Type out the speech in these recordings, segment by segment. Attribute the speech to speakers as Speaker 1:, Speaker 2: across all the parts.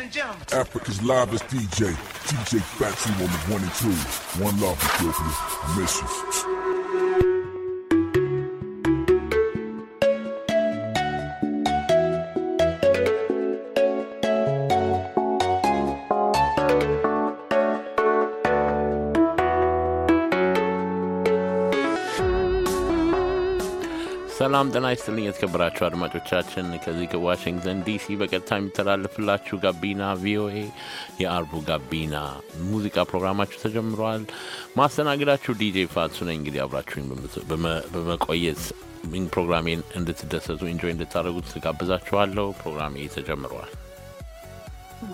Speaker 1: and gentlemen. Africa's livest DJ, DJ Factory on the one and two. One love, Ethiopia. I miss you.
Speaker 2: ሰላም ጤና ይስጥልኝ የተከበራችሁ አድማጮቻችን፣ ከዚህ ከዋሽንግተን ዲሲ በቀጥታ የሚተላለፍላችሁ ጋቢና ቪኦኤ የአርቡ ጋቢና ሙዚቃ ፕሮግራማችሁ ተጀምረዋል። ማስተናግዳችሁ ዲጄ ፋሱ ነኝ። እንግዲህ አብራችሁኝ በመቆየት ፕሮግራሜን እንድትደሰቱ ኢንጆይ እንድታደረጉት ጋብዛችኋለሁ ፕሮግራሜ ተጀምረዋል።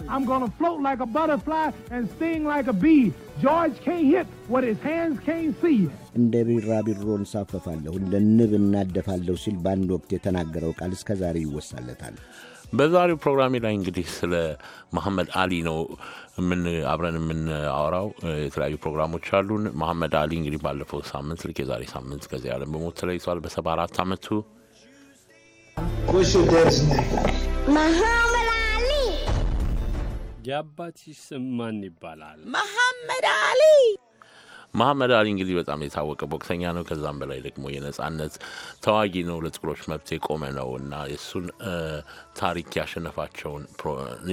Speaker 3: I'm going to float like a butterfly and sting like a bee. George can't hit what
Speaker 4: his
Speaker 2: hands can't see.
Speaker 4: እንደ ቢራቢሮ እንሳፈፋለሁ፣ እንደ ንብ እናደፋለሁ ሲል በአንድ ወቅት የተናገረው ቃል እስከ ዛሬ ይወሳለታል።
Speaker 2: በዛሬው ፕሮግራሜ ላይ እንግዲህ ስለ መሐመድ አሊ ነው ምን አብረን የምናወራው። የተለያዩ ፕሮግራሞች አሉን። መሐመድ አሊ እንግዲህ ባለፈው ሳምንት ልክ የዛሬ ሳምንት ከዚህ ዓለም በሞት ተለይቷል በሰባ አራት ዓመቱ
Speaker 5: የአባትሽ ስም ማን ይባላል? መሐመድ አሊ።
Speaker 2: መሐመድ አሊ እንግዲህ በጣም የታወቀ ቦክሰኛ ነው። ከዛም በላይ ደግሞ የነጻነት ተዋጊ ነው። ለጥቁሮች መብት የቆመ ነው እና የእሱን ታሪክ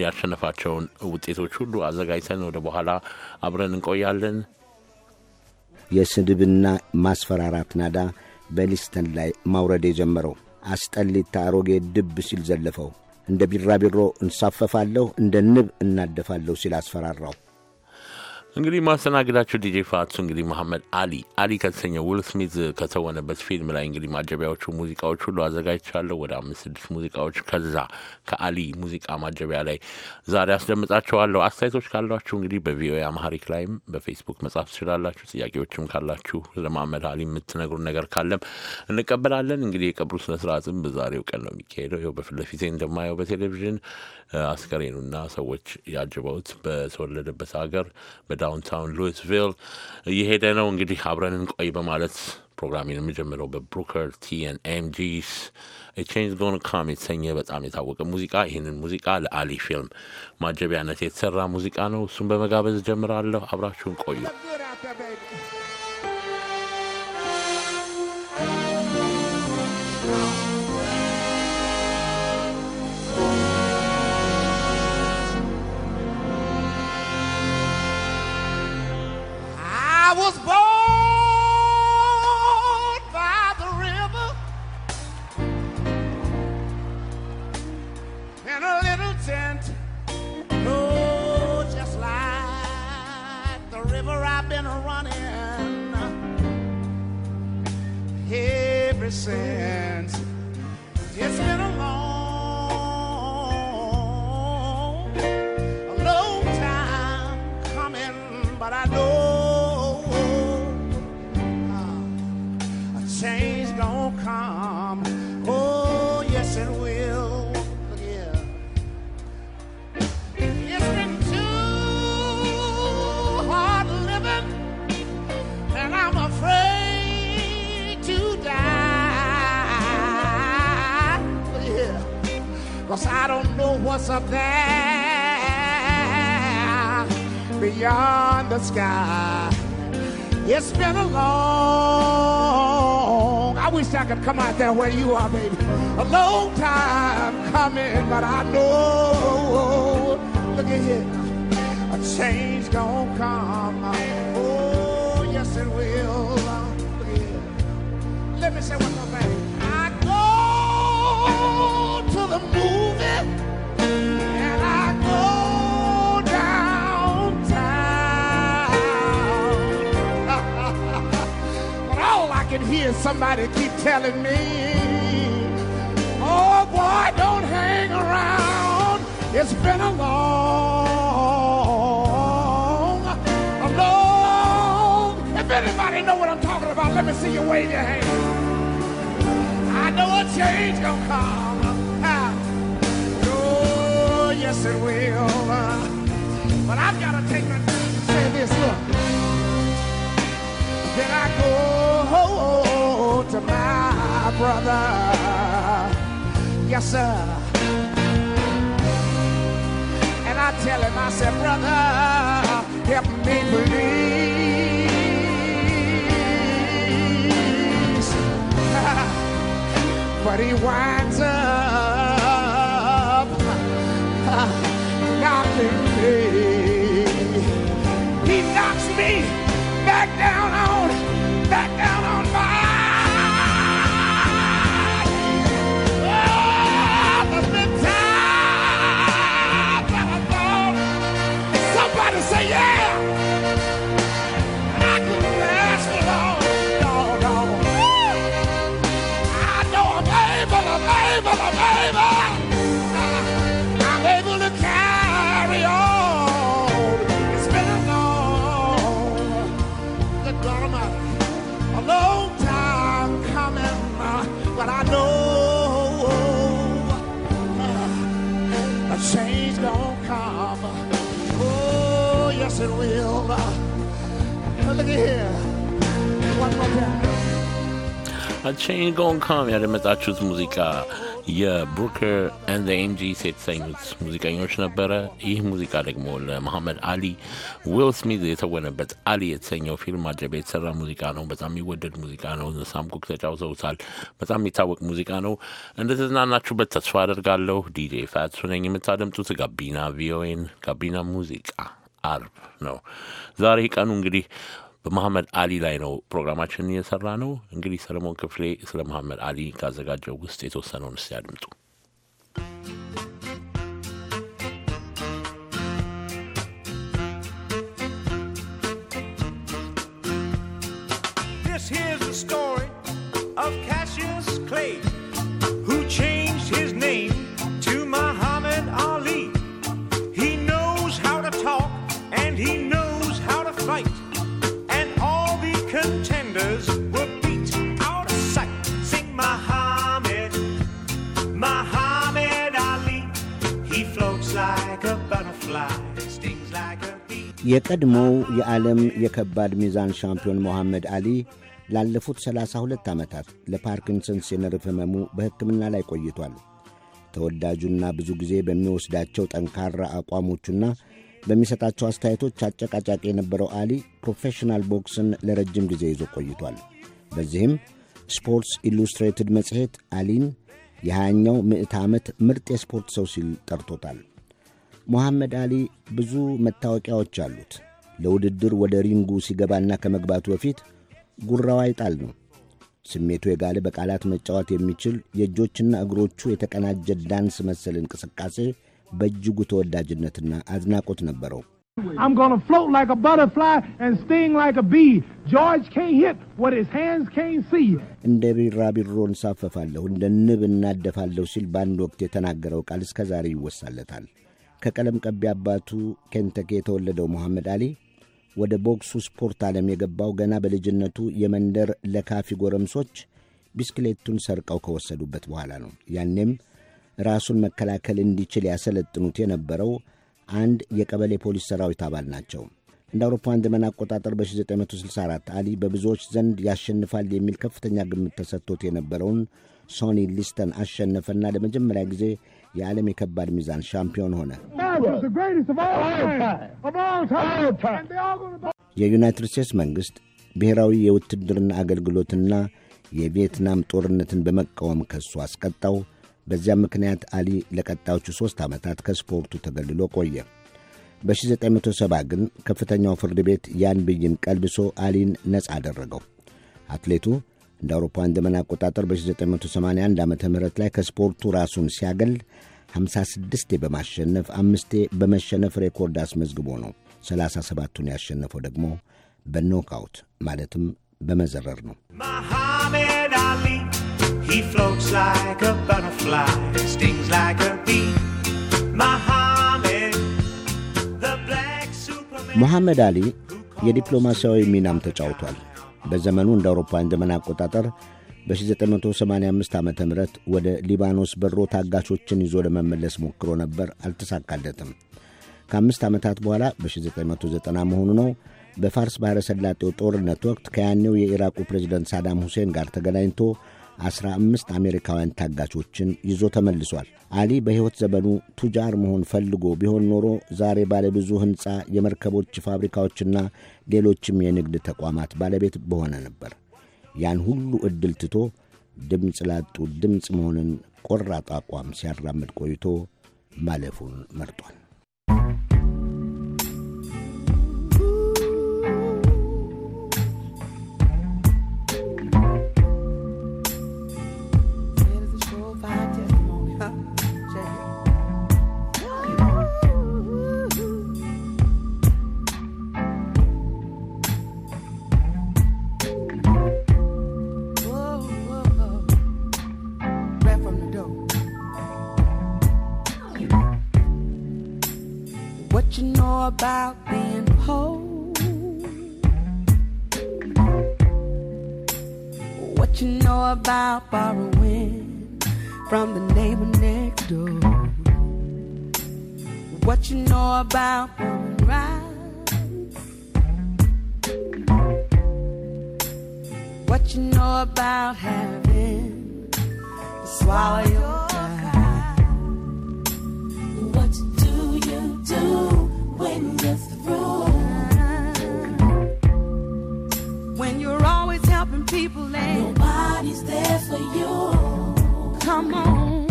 Speaker 2: ያሸነፋቸውን ውጤቶች ሁሉ አዘጋጅተን ወደ በኋላ አብረን እንቆያለን።
Speaker 4: የስድብና ማስፈራራት ናዳ በሊስተን ላይ ማውረድ የጀመረው አስጠሊታ አሮጌ ድብ ሲል ዘለፈው። እንደ ቢራቢሮ እንሳፈፋለሁ፣ እንደ ንብ እናደፋለሁ ሲል አስፈራራው።
Speaker 2: እንግዲህ ማስተናግዳችሁ ዲጄ ፋቱ እንግዲህ መሐመድ አሊ አሊ ከተሰኘ ዊል ስሚዝ ከተወነበት ፊልም ላይ እንግዲህ ማጀቢያዎቹ ሙዚቃዎች ሁሉ አዘጋጅቻለሁ። ወደ አምስት ስድስት ሙዚቃዎች ከዛ ከአሊ ሙዚቃ ማጀቢያ ላይ ዛሬ አስደምጣችኋለሁ። አስተያየቶች ካሏችሁ እንግዲህ በቪኦኤ አማሪክ ላይም በፌስቡክ መጻፍ ትችላላችሁ። ጥያቄዎችም ካላችሁ ስለ አሊ የምትነግሩ ነገር ካለም እንቀበላለን። እንግዲህ የቀብሩ ስነስርዓትም በዛሬው ቀን ነው የሚካሄደው። ይኸው በፊት ለፊቴ እንደማየው በቴሌቪዥን አስከሬኑና ሰዎች ያጅበውት በተወለደበት ሀገር በዳውንታውን ሉዊስቪል እየሄደ ነው። እንግዲህ አብረን እንቆይ በማለት ፕሮግራሜን የምጀምረው በብሩከር ቲን ኤምጂስ ቼንጅ ጎን ካም የተሰኘ በጣም የታወቀ ሙዚቃ ይህንን ሙዚቃ ለአሊ ፊልም ማጀቢያነት የተሰራ ሙዚቃ ነው። እሱን በመጋበዝ ጀምራለሁ። አብራችሁን ቆዩ።
Speaker 3: since. It's been a Cause I don't know what's up there beyond the sky. It's been a long, I wish I could come out there where you are, baby. A long time coming, but I know, look at here, a change gonna come. Oh, yes it will. Let me say one Somebody keep telling me, oh boy, don't hang around. It's been a long, a long. If anybody know what I'm talking about, let me see you wave your hand. I know a change gonna come. Ah. Oh, yes it will. But I've got to take my time to say this. Look, then I go to my brother. Yes, sir. And I tell him, I said, brother, help me please. but he winds up knocking me. He knocks me.
Speaker 2: አቼን ጎን ካም ያደመጣችሁት ሙዚቃ የብሩከር ኤንድ ኤምጂስ የተሰኙት ሙዚቀኞች ነበረ። ይህ ሙዚቃ ደግሞ ለመሐመድ አሊ ዊል ስሚዝ የተወነበት አሊ የተሰኘው ፊልም አጀበ የተሰራ ሙዚቃ ነው። በጣም የሚወደድ ሙዚቃ ነው። ሳምኩክ ተጫውተውታል። በጣም የሚታወቅ ሙዚቃ ነው። እንደተዝናናችሁበት ተስፋ አደርጋለሁ። ዲጄ ፋትሱ ነኝ። የምታደምጡት ጋቢና ቪኦኤን ጋቢና ሙዚቃ አርብ ነው ዛሬ ቀኑ እንግዲህ በመሐመድ አሊ ላይ ነው ፕሮግራማችንን እየሰራ ነው። እንግዲህ ሰለሞን ክፍሌ ስለ መሐመድ አሊ ካዘጋጀው ውስጥ የተወሰነውን እስቲ ያድምጡ።
Speaker 3: He knows how to talk and he knows how to fight.
Speaker 4: የቀድሞው የዓለም የከባድ ሚዛን ሻምፒዮን መሐመድ አሊ ላለፉት 32 ዓመታት ለፓርኪንሰንስ የነርቭ ሕመሙ በሕክምና ላይ ቆይቷል። ተወዳጁና ብዙ ጊዜ በሚወስዳቸው ጠንካራ አቋሞቹና በሚሰጣቸው አስተያየቶች አጨቃጫቂ የነበረው አሊ ፕሮፌሽናል ቦክስን ለረጅም ጊዜ ይዞ ቆይቷል። በዚህም ስፖርትስ ኢሉስትሬትድ መጽሔት አሊን የ የ20ኛው ምዕት ዓመት ምርጥ የስፖርት ሰው ሲል ጠርቶታል። ሙሐመድ አሊ ብዙ መታወቂያዎች አሉት። ለውድድር ወደ ሪንጉ ሲገባና ከመግባቱ በፊት ጉራው አይጣል ነው። ስሜቱ የጋለ በቃላት መጫወት የሚችል የእጆችና እግሮቹ የተቀናጀ ዳንስ መሰል እንቅስቃሴ በእጅጉ ተወዳጅነትና አድናቆት ነበረው። እንደ ቢራቢሮ እንሳፈፋለሁ፣ እንደ ንብ እናደፋለሁ ሲል በአንድ ወቅት የተናገረው ቃል እስከ ዛሬ ይወሳለታል። ከቀለም ቀቢ አባቱ ኬንተኪ የተወለደው መሐመድ አሊ ወደ ቦክሱ ስፖርት ዓለም የገባው ገና በልጅነቱ የመንደር ለካፊ ጎረምሶች ቢስክሌቱን ሰርቀው ከወሰዱበት በኋላ ነው። ያኔም ራሱን መከላከል እንዲችል ያሰለጥኑት የነበረው አንድ የቀበሌ ፖሊስ ሰራዊት አባል ናቸው። እንደ አውሮፓውያን ዘመን አቆጣጠር በ1964 አሊ በብዙዎች ዘንድ ያሸንፋል የሚል ከፍተኛ ግምት ተሰጥቶት የነበረውን ሶኒ ሊስተን አሸነፈና ለመጀመሪያ ጊዜ የዓለም የከባድ ሚዛን ሻምፒዮን ሆነ። የዩናይትድ ስቴትስ መንግሥት ብሔራዊ የውትድርና አገልግሎትና የቪየትናም ጦርነትን በመቃወም ከሱ አስቀጣው። በዚያም ምክንያት አሊ ለቀጣዮቹ ሦስት ዓመታት ከስፖርቱ ተገልሎ ቆየ። በ1970 ግን ከፍተኛው ፍርድ ቤት ያን ብይን ቀልብሶ አሊን ነፃ አደረገው። አትሌቱ እንደ አውሮፓውያን ዘመን አቆጣጠር በ1981 ዓ ም ላይ ከስፖርቱ ራሱን ሲያገል 56ቴ በማሸነፍ አምስቴ በመሸነፍ ሬኮርድ አስመዝግቦ ነው። 37ቱን ያሸነፈው ደግሞ በኖክአውት ማለትም በመዘረር ነው። ሙሐመድ አሊ የዲፕሎማሲያዊ ሚናም ተጫውቷል። በዘመኑ እንደ አውሮፓውያን ዘመን አቆጣጠር በ1985 ዓ ም ወደ ሊባኖስ በሮ ታጋቾችን ይዞ ለመመለስ ሞክሮ ነበር፣ አልተሳካለትም። ከአምስት ዓመታት በኋላ በ1990 መሆኑ ነው በፋርስ ባሕረ ሰላጤው ጦርነት ወቅት ከያኔው የኢራቁ ፕሬዚደንት ሳዳም ሁሴን ጋር ተገናኝቶ 15 አሜሪካውያን ታጋቾችን ይዞ ተመልሷል። አሊ በሕይወት ዘመኑ ቱጃር መሆን ፈልጎ ቢሆን ኖሮ ዛሬ ባለብዙ ሕንፃ የመርከቦች ፋብሪካዎችና ሌሎችም የንግድ ተቋማት ባለቤት በሆነ ነበር። ያን ሁሉ ዕድል ትቶ ድምፅ ላጡ ድምፅ መሆንን ቆራጥ አቋም ሲያራምድ ቆይቶ ማለፉን መርጧል።
Speaker 6: what you know about being whole. What you know about borrowing from the neighbor next door. What you know about woman rights. What you know about having to swallow your people and nobody's there for you. Come on.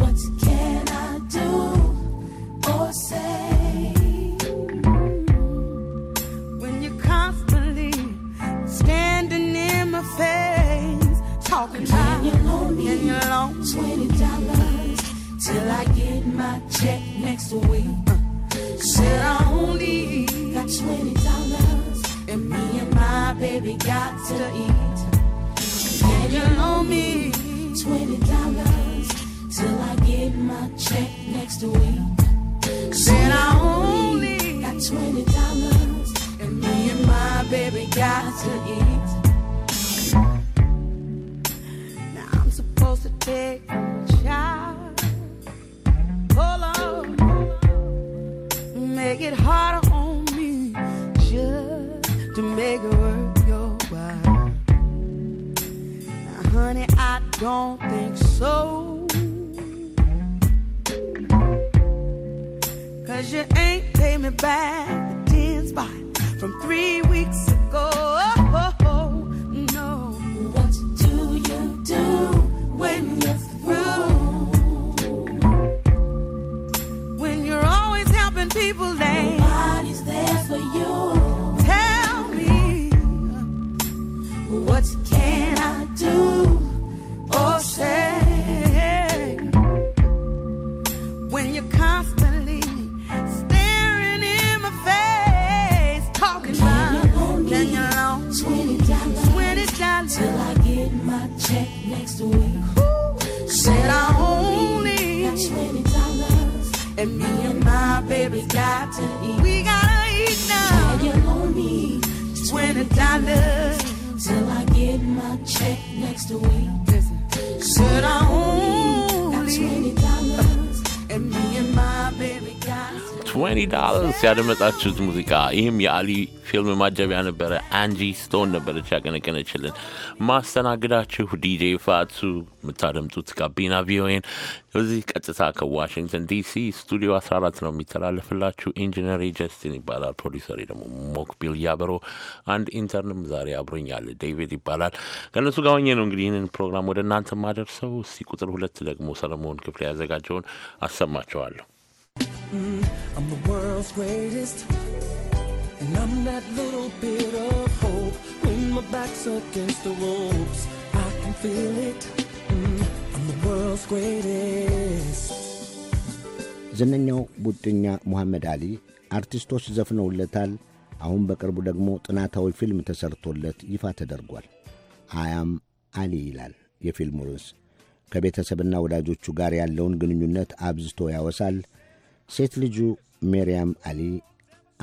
Speaker 6: What can I do or say? When you're constantly standing in my face, talking about you lonely, and you're Twenty dollars till I get my check next week. Said I only got twenty baby got to eat. And you owe me twenty dollars till I get my check next week. So then I only got twenty dollars, and me and my baby got to eat. don't think so. Cause you ain't paid me back the 10 spot from three weeks ago.
Speaker 2: ያደመጣችሁት ሙዚቃ ይህም የአሊ ፊልም ማጀቢያ ነበረ። አንጂ ስቶን ነበረች ያቀነቀነችልን። ማስተናግዳችሁ ዲጄ ፋቱ፣ የምታደምጡት ጋቢና ቪኦኤን እዚህ ቀጥታ ከዋሽንግተን ዲሲ ስቱዲዮ 14 ነው የሚተላለፍላችሁ። ኢንጂነር ጀስቲን ይባላል። ፕሮዲሰሪ ደግሞ ሞክቢል ያበሮ፣ አንድ ኢንተርንም ዛሬ አብሮኛል ዴቪድ ይባላል። ከእነሱ ጋር ሆኜ ነው እንግዲህ ይህንን ፕሮግራም ወደ እናንተ ማደርሰው። እስቲ ቁጥር ሁለት ደግሞ ሰለሞን ክፍሌ ያዘጋጀውን አሰማቸዋለሁ።
Speaker 5: Mm, I'm the world's greatest. And I'm that little bit of hope. When my back's against the ropes, I can feel it. Mm, I'm the world's greatest.
Speaker 4: ዝነኛው ቡጥኛ ሙሐመድ አሊ አርቲስቶች ዘፍነውለታል። አሁን በቅርቡ ደግሞ ጥናታዊ ፊልም ተሰርቶለት ይፋ ተደርጓል። አያም አሊ ይላል የፊልሙ ርዕስ። ከቤተሰብና ወዳጆቹ ጋር ያለውን ግንኙነት አብዝቶ ያወሳል። ሴት ልጁ ሜርያም አሊ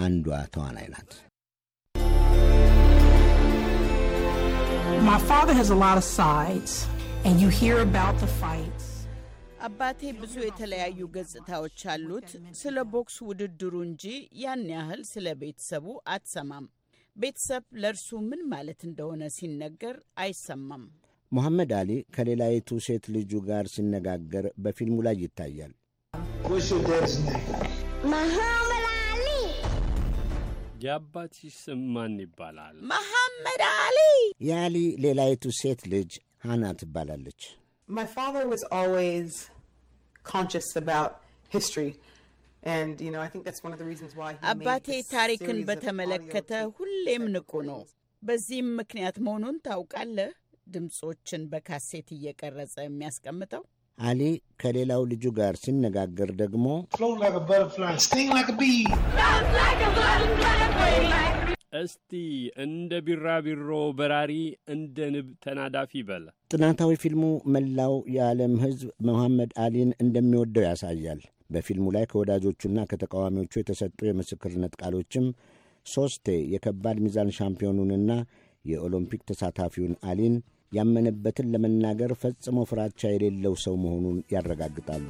Speaker 4: አንዷ ተዋናይ ናት።
Speaker 6: አባቴ ብዙ የተለያዩ ገጽታዎች አሉት። ስለ ቦክስ ውድድሩ እንጂ ያን ያህል ስለ ቤተሰቡ አትሰማም። ቤተሰብ ለእርሱ ምን ማለት እንደሆነ ሲነገር አይሰማም።
Speaker 4: ሙሐመድ አሊ ከሌላዪቱ ሴት ልጁ ጋር ሲነጋገር በፊልሙ ላይ ይታያል።
Speaker 5: What's your dad's
Speaker 6: name? Muhammad Ali.
Speaker 5: የአባትሽ ስም ማን ይባላል?
Speaker 6: መሐመድ
Speaker 4: አሊ። የአሊ ሌላይቱ ሴት ልጅ ሃና ትባላለች።
Speaker 6: My father was always conscious about history. አባቴ ታሪክን በተመለከተ ሁሌም ንቁ ነው። በዚህም ምክንያት መሆኑን ታውቃለህ ድምፆችን በካሴት እየቀረጸ የሚያስቀምጠው
Speaker 4: አሊ ከሌላው ልጁ ጋር ሲነጋገር ደግሞ እስቲ
Speaker 5: እንደ ቢራቢሮ በራሪ እንደ ንብ ተናዳፊ በል።
Speaker 4: ጥናታዊ ፊልሙ መላው የዓለም ሕዝብ መሐመድ አሊን እንደሚወደው ያሳያል። በፊልሙ ላይ ከወዳጆቹና ከተቃዋሚዎቹ የተሰጡ የምስክርነት ቃሎችም ሦስቴ የከባድ ሚዛን ሻምፒዮኑንና የኦሎምፒክ ተሳታፊውን አሊን ያመነበትን ለመናገር ፈጽሞ ፍራቻ የሌለው ሰው መሆኑን ያረጋግጣሉ።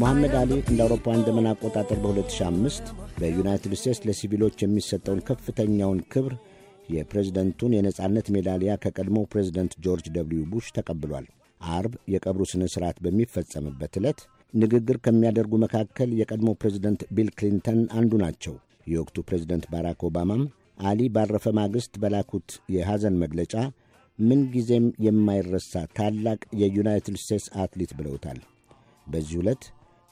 Speaker 4: ሙሐመድ oh, አሊ እንደ አውሮፓውያን ዘመን አቆጣጠር በ2005 በዩናይትድ ስቴትስ ለሲቪሎች የሚሰጠውን ከፍተኛውን ክብር የፕሬዝደንቱን የነጻነት ሜዳሊያ ከቀድሞው ፕሬዝደንት ጆርጅ ደብልዩ ቡሽ ተቀብሏል። አርብ የቀብሩ ሥነ ሥርዓት በሚፈጸምበት ዕለት ንግግር ከሚያደርጉ መካከል የቀድሞ ፕሬዚደንት ቢል ክሊንተን አንዱ ናቸው። የወቅቱ ፕሬዚደንት ባራክ ኦባማም አሊ ባረፈ ማግስት በላኩት የሐዘን መግለጫ ምንጊዜም የማይረሳ ታላቅ የዩናይትድ ስቴትስ አትሌት ብለውታል። በዚህ ዕለት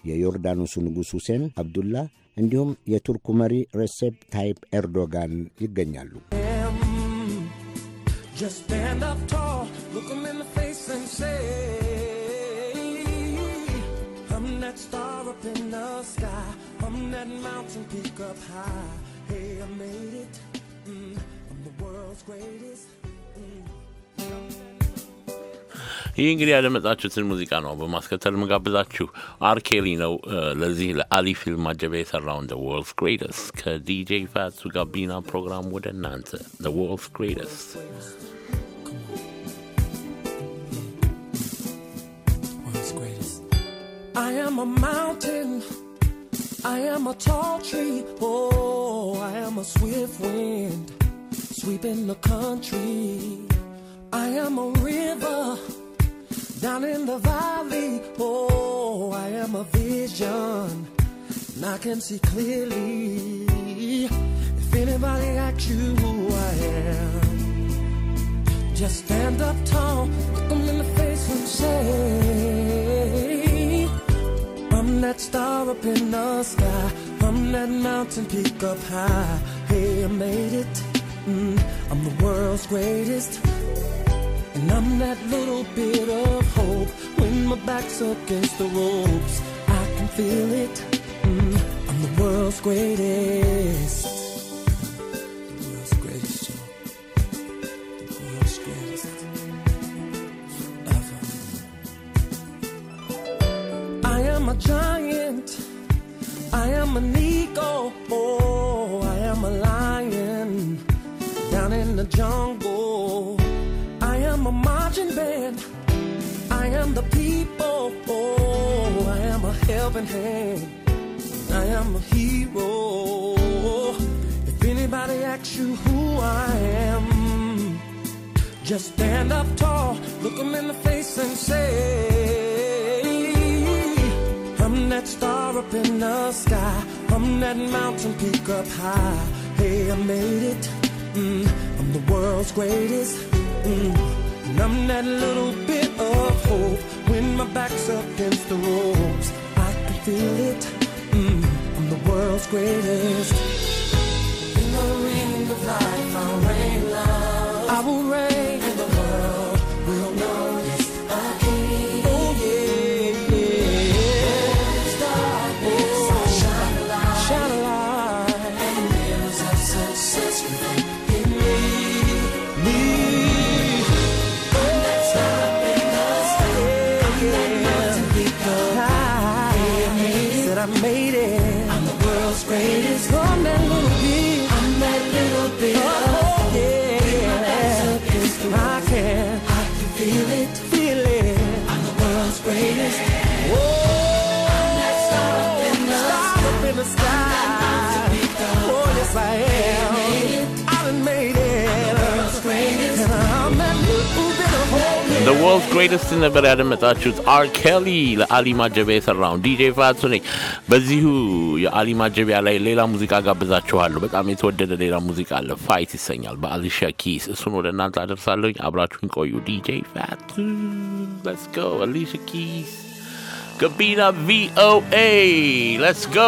Speaker 4: የዮርዳኖሱ ንጉሥ ሁሴን አብዱላ እንዲሁም የቱርኩ መሪ ሬሴፕ ታይፕ ኤርዶጋን ይገኛሉ።
Speaker 5: say
Speaker 2: ይህ እንግዲህ ያደመጣችሁትን ሙዚቃ ነው በማስከተል ምጋብዛችሁ። አርኬሊ ነው ለዚህ ለአሊ ፊልም ማጀቢያ የሰራውን ዘ ወርልድስ ግሬተስት ከዲጄ ፋያሱ ጋቢና ፕሮግራም ወደ እናንተ ዘ ወርልድስ ግሬተስት
Speaker 5: I am a mountain. I am a tall tree. Oh, I am a swift wind sweeping the country. I am a river down in the valley. Oh, I am a vision. And I can see clearly. If anybody asks you who I am, just stand up tall, look them in the face and say that star up in the sky. from that mountain peak up high. Hey, I made it. Mm, I'm the world's greatest. And I'm that little bit of hope when my back's against the ropes. I can feel it. Mm, I'm the world's greatest. am an eagle, oh, I am a lion. Down in the jungle, I am a marching band. I am the people, oh, I am a helping hand. I am a hero. If anybody asks you who I am, just stand up tall, look them in the face and say, I'm that star up in the sky. I'm that mountain peak up high. Hey, I made it. Mm, I'm the world's greatest. Mm, and I'm that little bit of hope when my back's up against the ropes. I can feel it. Mm, I'm the world's greatest. yes I am. I done made it.
Speaker 2: The world's greatest in በቀዳሚ መጣችሁት አር ኬሊ ለአሊ ማጀቢያ የሰራው ዲጄ ፋሱ ነኝ። በዚሁ የአሊ ማጀቢያ ላይ ሌላ ሙዚቃ ጋብዛችኋለሁ። በጣም የተወደደ ሌላ ሙዚቃ አለ፣ ፋይት ይሰኛል በአሊሻ ኪስ። እሱን ወደ እናንተ አደርሳለሁኝ። አብራችሁን ቆዩ። ዲጄ ፋቱ ሌትስ ጎ አሊሻ ኪስ ጋቢና ቪኦኤ ሌትስ ጎ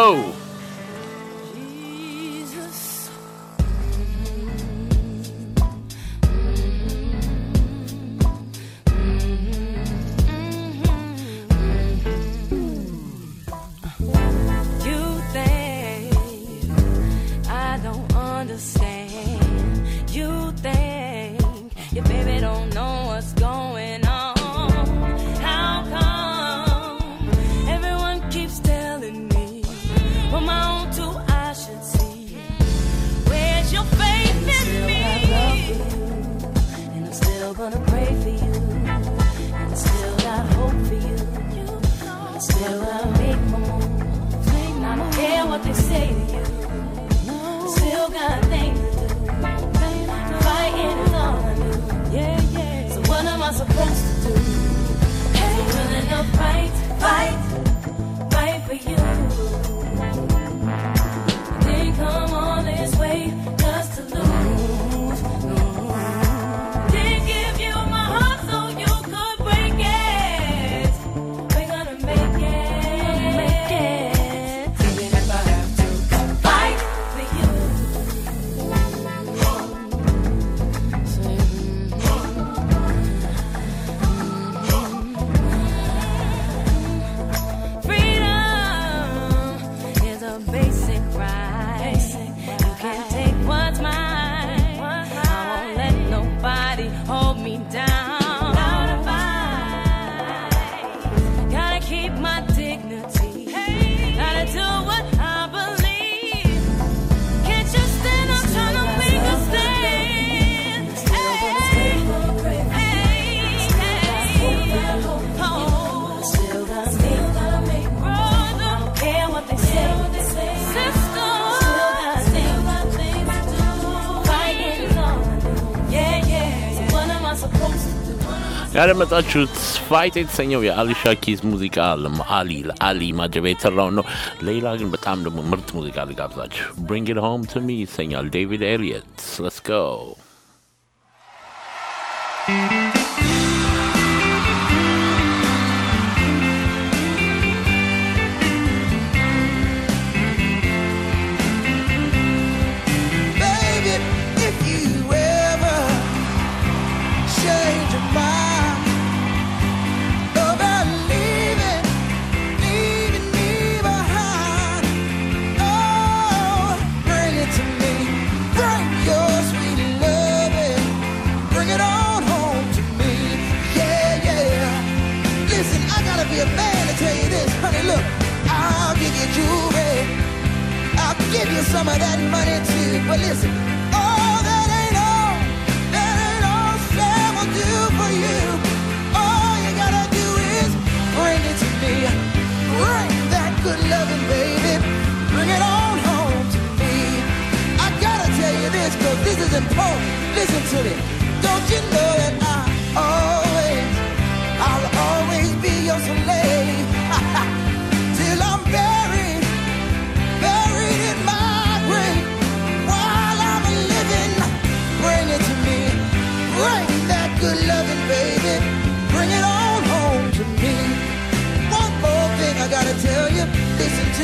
Speaker 2: Care mă tăciuți, faite să ne uia Ali Shakis muzical, Ali, Ali, mă geveți la un nou Leila, când bătam de mărt muzical, gata, Bring it home to me, señor David Elliott, let's go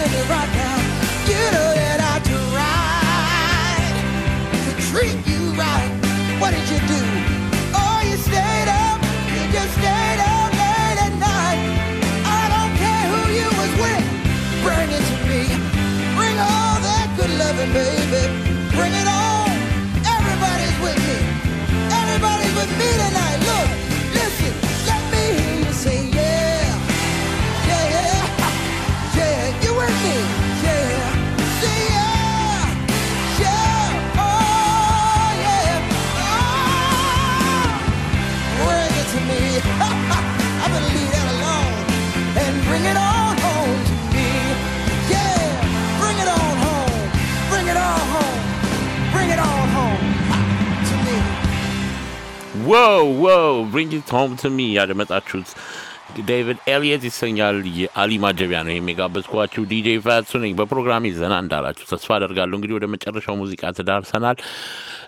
Speaker 2: to the rock. ዎው ዎው ብሪንግ ኢት ሆም ቱ ሚ ያደመጣችሁት ዴቪድ ኤልየት ይሰኛል። የአሊ ማጀቢያ ነው ይህም የጋበዝኳችሁ። ዲጄ ፋሱ ነኝ። በፕሮግራሜ ዘና እንዳላችሁ ተስፋ አደርጋለሁ። እንግዲህ ወደ መጨረሻው ሙዚቃ ትዳርሰናል።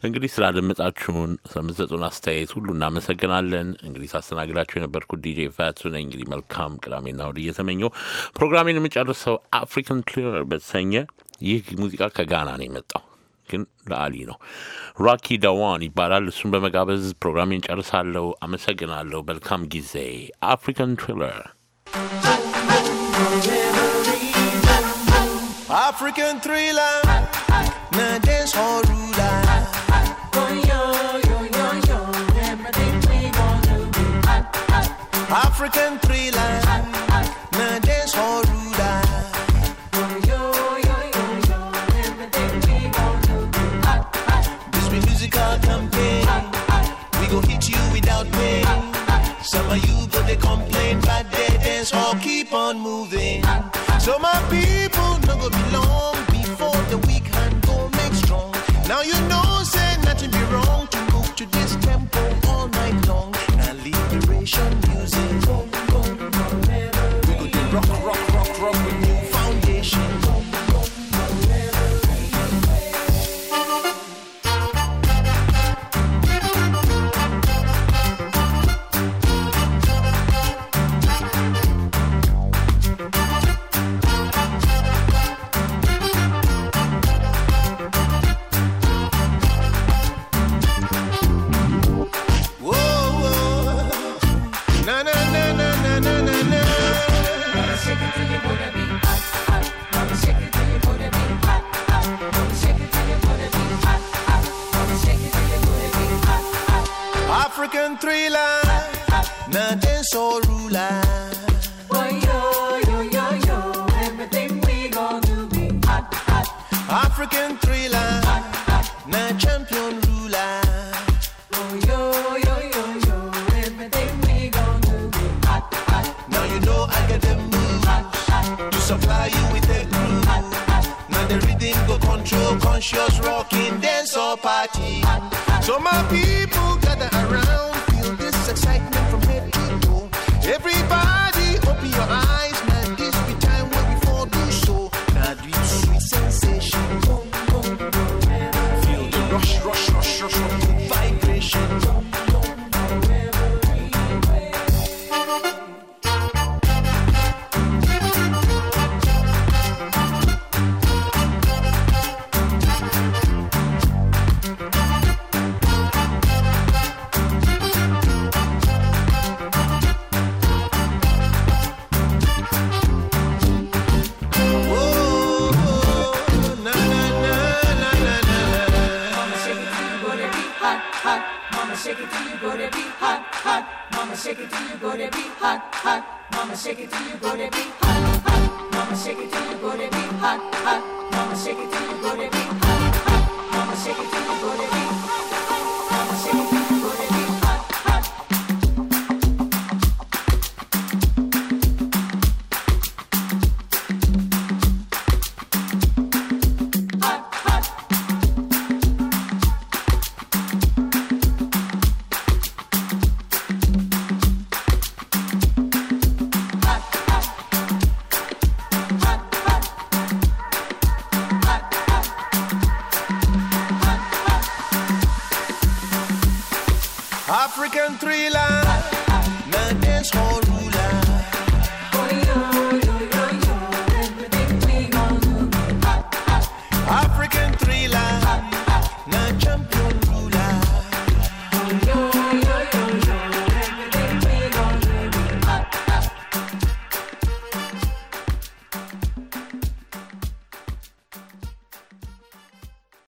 Speaker 2: እንግዲህ ስላደመጣችሁን ስለምትሰጡን አስተያየት ሁሉ እናመሰግናለን። እንግዲህ ሳስተናግዳችሁ የነበርኩት ዲጄ ፋሱ ነኝ። እንግዲህ መልካም ቅዳሜና እሑድ እየተመኘው ፕሮግራሜን የምጨርሰው አፍሪካን ክሊር በተሰኘ ይህ ሙዚቃ ከጋና ነው የመጣው ግን ለአሊ ነው። ራኪ ዳዋን ይባላል። እሱን በመጋበዝ ፕሮግራሜን ጨርሳለሁ። አመሰግናለሁ። መልካም ጊዜ። አፍሪካን ትሪለር
Speaker 7: African thriller, na dance hall ruler. African thriller.